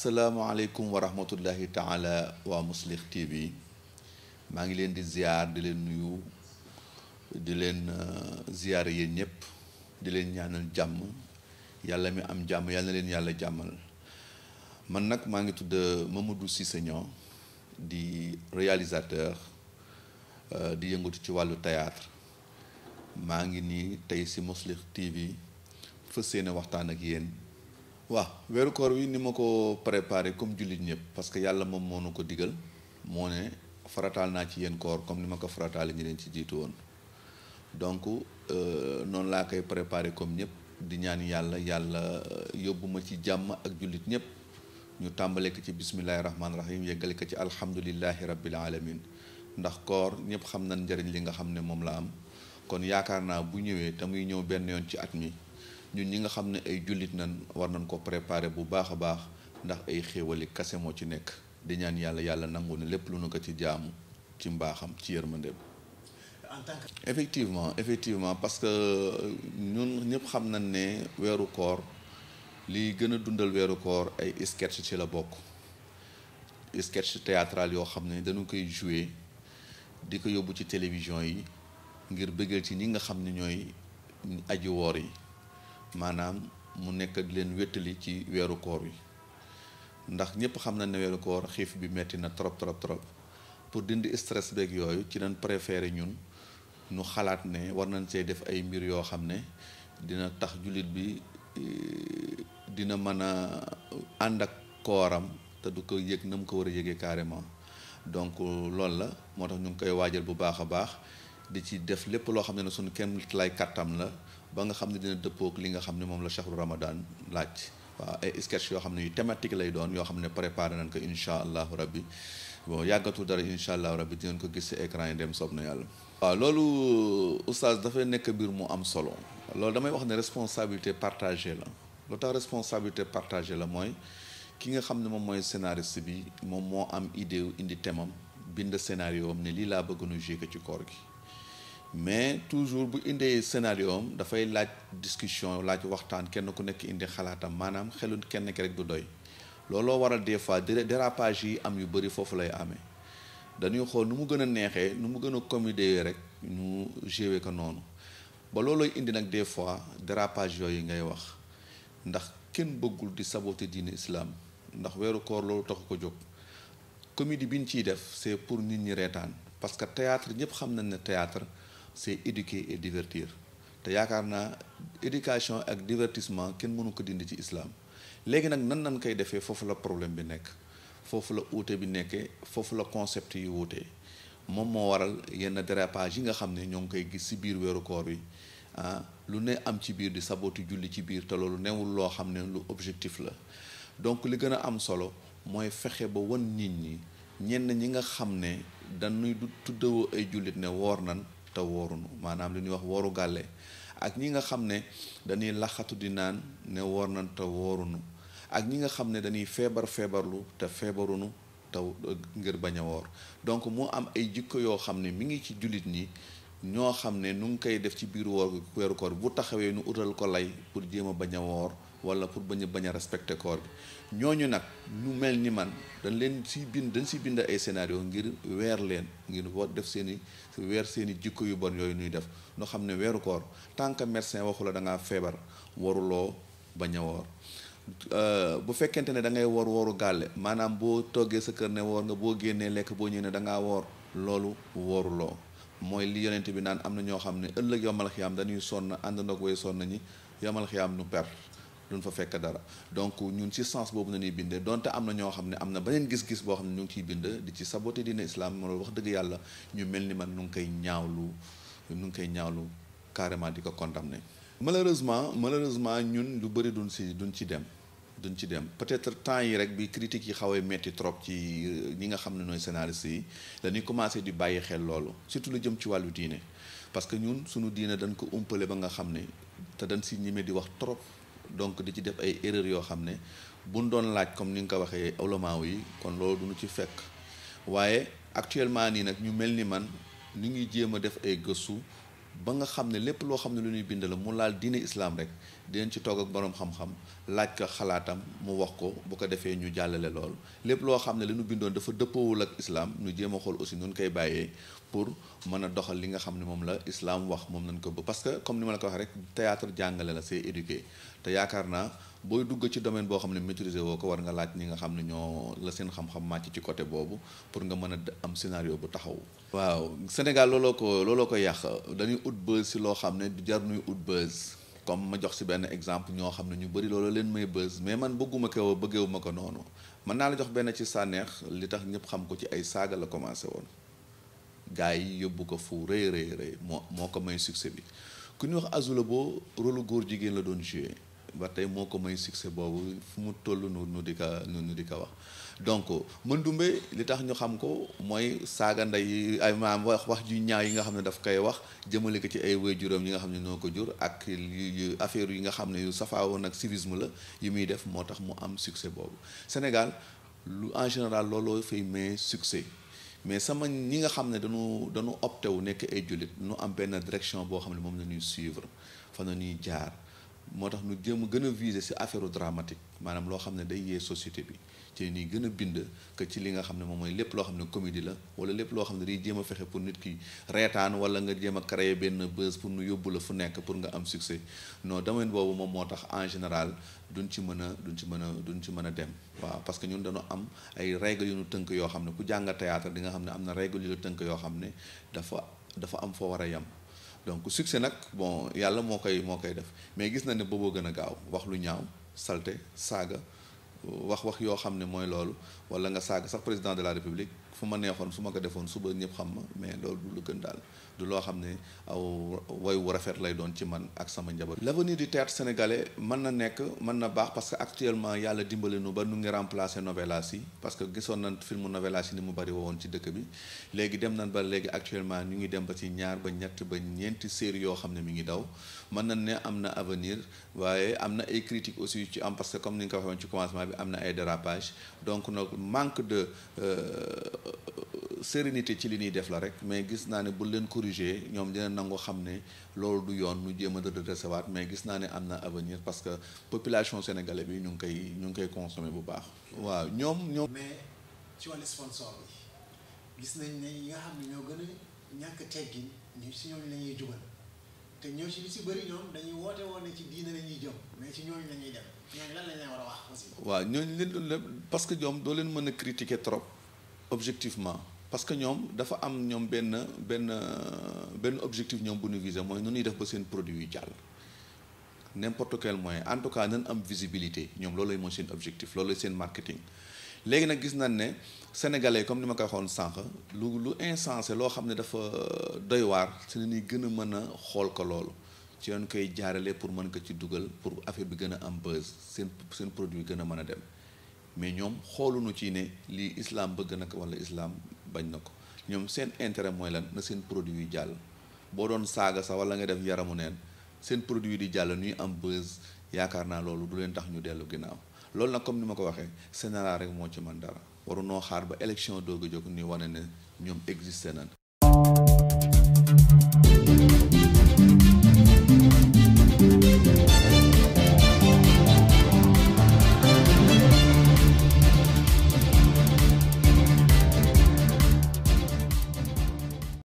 asalaamaaleykum wa rahmatullahi taala waa Mouslih TV maa ngi leen di ziar di leen nuyu di leen uh, ziar yéen ñëpp di leen ñaanal jàmm yàlla mi am jàmm yàlla leen yàlla jàmmal man nag maa ngi tudd uh, Mamadou Cissé seño di réalisateur uh, di yëngatu ci wàllu théâtre maa ngi nii tey si Mouslih TV fas yéene waxtaan ak yéen. waaw weeru koor wi ni ma ko préparé comme jullit ñëpp parce que yàlla moom moo nu ko digal moo ne farataal naa ci yéen koor comme ni ma ko farataale ñi leen ci jiitu woon euh, noonu laa koy préparé comme ñëpp di ñaan yàlla yàlla euh, yóbbu ma ci jàmm ak jullit ñëpp ñu tàmbale ko ci bismillahi rahmaani rahim yeggale ko ci alhamdulillahi rabbil alamin ndax koor ñëpp xam na njëriñ li nga xam ne moom la am kon yaakaar naa bu ñëwee te muy ñëw benn yoon ci at mi ñun ñi nga xam ne ay jullit nan war nañ ko préparer bu baax a baax ndax ay xéwali kase moo ci nekk di ñaan yàlla yàlla nangu ne lépp lu nu ko ci jaamu ci mbaaxam ci yërmandeem en tant que effectivement effectivement parce que euh, ñun ñëpp xam nañ ne weeru koor li gën a dundal weeru koor ay sketch ci la bokk sketch théâtral yoo xam ne dañu koy jouer di ko yóbbu ci télévision yi ngir bëggal ci ñi nga xam ne ñooy aji woor yi maanaam mu nekk di leen wettali ci weeru koor wi ndax ñëpp xam na ne weeru koor xiif bi metti na trop trop trop pour dindi stress beeg yooyu ci lañ préféré ñun nu xalaat ne war nañ see def ay mbir yoo xam ne dina tax jullit bi e, dina mën a ànd ak kooram te du ko yëg na mu ko war a yëgee carrément donc loolu la moo tax ñu ngi koy waajal bu baax a baax di ci def lépp loo xam ne ne suñu kenn lay kàttam la ba nga xam ne dina dëppook li nga xam ne moom la chahru ramadan laaj waaw ay sketch yoo xam ne yu thématique lay doon yoo xam ne préparé nañ ko incha allahu rabbi bon yàggatu dara incha allahu rabbi dinañ ko gis ci écran yi dem soob na yàlla waaw loolu oustaz dafay nekk biir mu am solo loolu damay wax ne responsabilité partagée la lu tax responsabilité partagée la mooy ki nga xam ne moom mooy scénariste bi moom moo am idée indi thème am bind scénario am ne lii laa bëgg nu jouer ci koor gi mais toujours bu indee scénario dafay laaj discussion laaj waxtaan kenn ku nekk indi xalaatam maanaam xelul kenn ki rek du doy looloo waral des fois dérapage yi am yu bëri foofu lay amee dañuy xool nu mu gën a neexee nu mu gën a comédie rek ñu joué ko noonu ba loolooy indi nag des fois dérapage yooyu ngay wax ndax kenn bëggul di saboter diine islam ndax weeru koor loolu taxu ko jóg comédie bi ñu ciy def c'est pour nit ñi reetaan parce que théâtre ñëpp xam nañ ne théâtre c'est éduquer et divertir te yaakaar naa éducation ak divertissement kenn mënu ko dindi ci islam léegi nag nan nan koy defee foofu la problème bi nekk foofu la uute bi nekkee foofu la concept yu wuutee moom moo waral yenn dérapage yi nga xam ne ñoo ngi koy gis ci biir weeru koor bi ah lu ne am ci biir di sabooti julli ci biir te loolu newul loo xam ne lu objectif la donc li gën a am solo mooy fexe ba wan nit ñi ñenn ñi nga xam ne dañuy du tuddawoo ay jullit ne woor nan te woorunu maanaam li ñuy wax wooru gàlle ak ñi nga xam ne dañuy laxatu di naan ne woor nañ te woorunu ak ñi nga xam ne dañuy feebar feebarlu te feebarunu te ngir bañ a donc moo am ay jikko yoo xam ne mi ngi ci jullit ñi ñoo xam ne nu ngi koy def ci biir woor weeru bu taxawee nu utal ko lay pour jéem a bañ a woor wala pour bañ a bañ a respecter corps bi ñooñu nag ñu mel ni man dañ leen siy bind dañ siy bind ay scénario ngir weer leen ngir war def seen i weer seen i jikko yu bon yooyu nuy def noo xam ne weeru koor tant que médecin waxu la da ngaa feebar waruloo bañ a woor euh, bu fekkente ne da ngay woor wooru gàlle maanaam boo toggee sa kër ne woor nga boo génnee lekk boo ñëwee ne da ngaa woor loolu waruloo mooy li yonent bi naan am na ñoo xam ne ëllëg yomal xiyaam dañuy sonn ànd ndoog way sonn ñi yomal xiyaam nu perte duñ fa fekk dara donc ñun ci sens boobu na ñuy bindee donte am na ñoo xam ne am na beneen gis-gis boo xam ne ñu ngi ciy bind di ci saboté diine islam mo wax dëgg yàlla ñu mel ni man nu ngi koy ñaawlu nu ngi koy ñaawlu carrément di ko condamné malheureusement malheureusement ñun lu bëri duñ si duñ ci dem duñ ci dem peut-être temps yi rek bi critique yi xawee metti trop ci euh, ñi nga xam ne nooy scénariste yi dañuy commencé di bàyyi xel loolu surtout lu jëm ci wàllu diine parce que ñun suñu diine dañ ko umpale ba nga xam ne te dañ si ñime di wax trop donc di ci def ay erreurs yoo xam ne buñ doon laaj comme ni nga ko waxee awlamaaw yi kon loolu duñu ci fekk waaye actuellement nii nag ñu mel ni man ñu ngi jéem a def ay gëstu ba nga xam ne lépp loo xam ne lu ñuy bind la mu laal diine islaam rek dinañ ci toog ak boroom xam-xam laaj ko xalaatam mu wax ko bu ko defee ñu jàllale lool lépp loo xam ne li ñu bindoon dafa dëppoowul ak islaam ñu jéem xool aussi nun koy bàyyee pour mën a doxal li nga xam ne moom la islaam wax moom nañ ko ba parce que comme ni ma la ko waxee rek théâtre jàngale la see éduqué te yaakaar naa booy dugg ci domaine boo xam ne maîtriser woo ko war nga laaj ñi nga xam ne ñoo la seen xam-xam màcc ci côté boobu pour nga mën a am scénario bu taxaw. waaw Sénégal looloo ko looloo ko yàq dañuy ut buzz si loo xam ne jar nuy ut buzz comme ma jox si benn exemple ñoo xam ne ñu bëri loolu leen may buzz mais man bëgguma ko bëggeewuma ko noonu mën naa la jox benn ci sànneex li tax ñëpp xam ko ci ay saaga la commencé woon gars yi yóbbu ko fu rëy rëy moo moo ko may succès bi ku ñuy wax Azou Lô boo góor jigéen la doon joué. ba tey moo ko may succès boobu fu mu toll nu nu di ka nu di ka wax donc Mandoumbe li tax ñu xam ko mooy saaga ndey ay maam wax wax ju ñaaw yi nga xam ne daf koy wax jëmale ko ci ay waajuram yi nga xam ne noo ko jur ak affaire yi nga xam ne yu safaawoon ak civisme la yi muy def moo tax mu am succès boobu Sénégal lu en général looloo fay may succès mais sama ñi nga xam ne dañu dañu opté wu nekk ay jullit nu am benn direction boo xam ne moom la ñuy suivre fa na ñuy jaar moo tax nu jéem gën a viser si affaire dramatique maanaam loo xam ne day yee société bi ci nii gën a bind que ci li nga xam ne moom mooy lépp loo xam ne comédie la wala lépp loo xam ne day jéem a fexe pour nit ki reetaan wala nga jéem a créer benn buzz pour nu yóbbu la fu nekk pour nga am succès noo domaine boobu moom moo tax en général duñ ci mën a duñ ci mën a duñ ci mën a dem waaw parce que ñun dañu am ay règles yu ñu tënk yoo xam ne ku jàng théâtre di nga xam ne am na règles yu la tënk yoo xam ne dafa dafa am foo war a yem donc succès nag bon yàlla moo koy moo koy def mais gis na ne booboo gën a gaaw wax lu ñaaw salte saaga wax wax yoo xam ne mooy loolu wala nga saaga sax président de la république fu ma neexoon su ma ko defoon suba ñëpp xam ma mais loolu du lu gën daal du loo xam ne aw way wu rafet lay doon ci man ak sama njaboot. l'avenir du théâtre sénégalais mën na nekk mën na baax parce que actuellement yàlla dimbali nu ba nu ngi remplacer novelas si parce que gisoon nañ filmu novelas yi ni mu bari woon ci dëkk bi léegi dem nañ ba léegi actuellement ñu ngi dem ba ci ñaar ba ñett ba ñeenti série yoo xam ne mi ngi daw mën nañ ne am na avenir waaye am na ay critiques aussi ci am parce que comme ni nga ko woon ci commencement bi am na ay dérapage donc nag manque de. Euh, sérénité ci li ñuy def la rek mais gis naa ne bu leen corriger ñoom dina nangu xam ne loolu du yoon nu jéem a redresser waat mais gis naa ne am na avenir parce que population sénégalaise bi ñu ngi koy ñu ngi koy consommer bu baax. waaw ñoom ñoom. mais ci wàllu sponsor nañ ne yi nga xam ne ñoo gën a ñàkk teggin te ñoo si li si bëri ñoom ñuy jëm mais ci ñooñu la ñu leen doon que ñoom doo leen mën a critiquer trop. objectivement parce que ñoom dafa am ñoom benn benn benn objectif ñoom bu ñu viser mooy nu ñuy def ba seen produit yu jàll n'importe quel moyen en tout cas nañ am visibilité ñoom loolu mooy seen objectif loolu seen marketing léegi nag gis nañ ne sénégalais comme ni ma koy waxoon sànq lu lu insensé loo xam ne dafa euh, doy waar si la ñuy gën a mën a xool ko loolu ci yoon koy jaarale pour mën ko ci dugal pour affaire bi gën a am buzz seen seen produit gën a mën a dem mais ñoom xooluñu ci ne lii islam bëgg na ko wala islaam bañ na ko ñoom seen intérêt mooy lan na seen produit yi jàll boo doon saaga sax wala nga def yaramu neen seen produit di jàll ñuy am buzz yaakaar naa loolu du leen tax ñu dellu ginnaaw loolu nag comme ni ma ko waxee Sénégal rek moo ci man dara waru noo xaar ba élection doogu a jóg ni wane ne ñoom existé nañ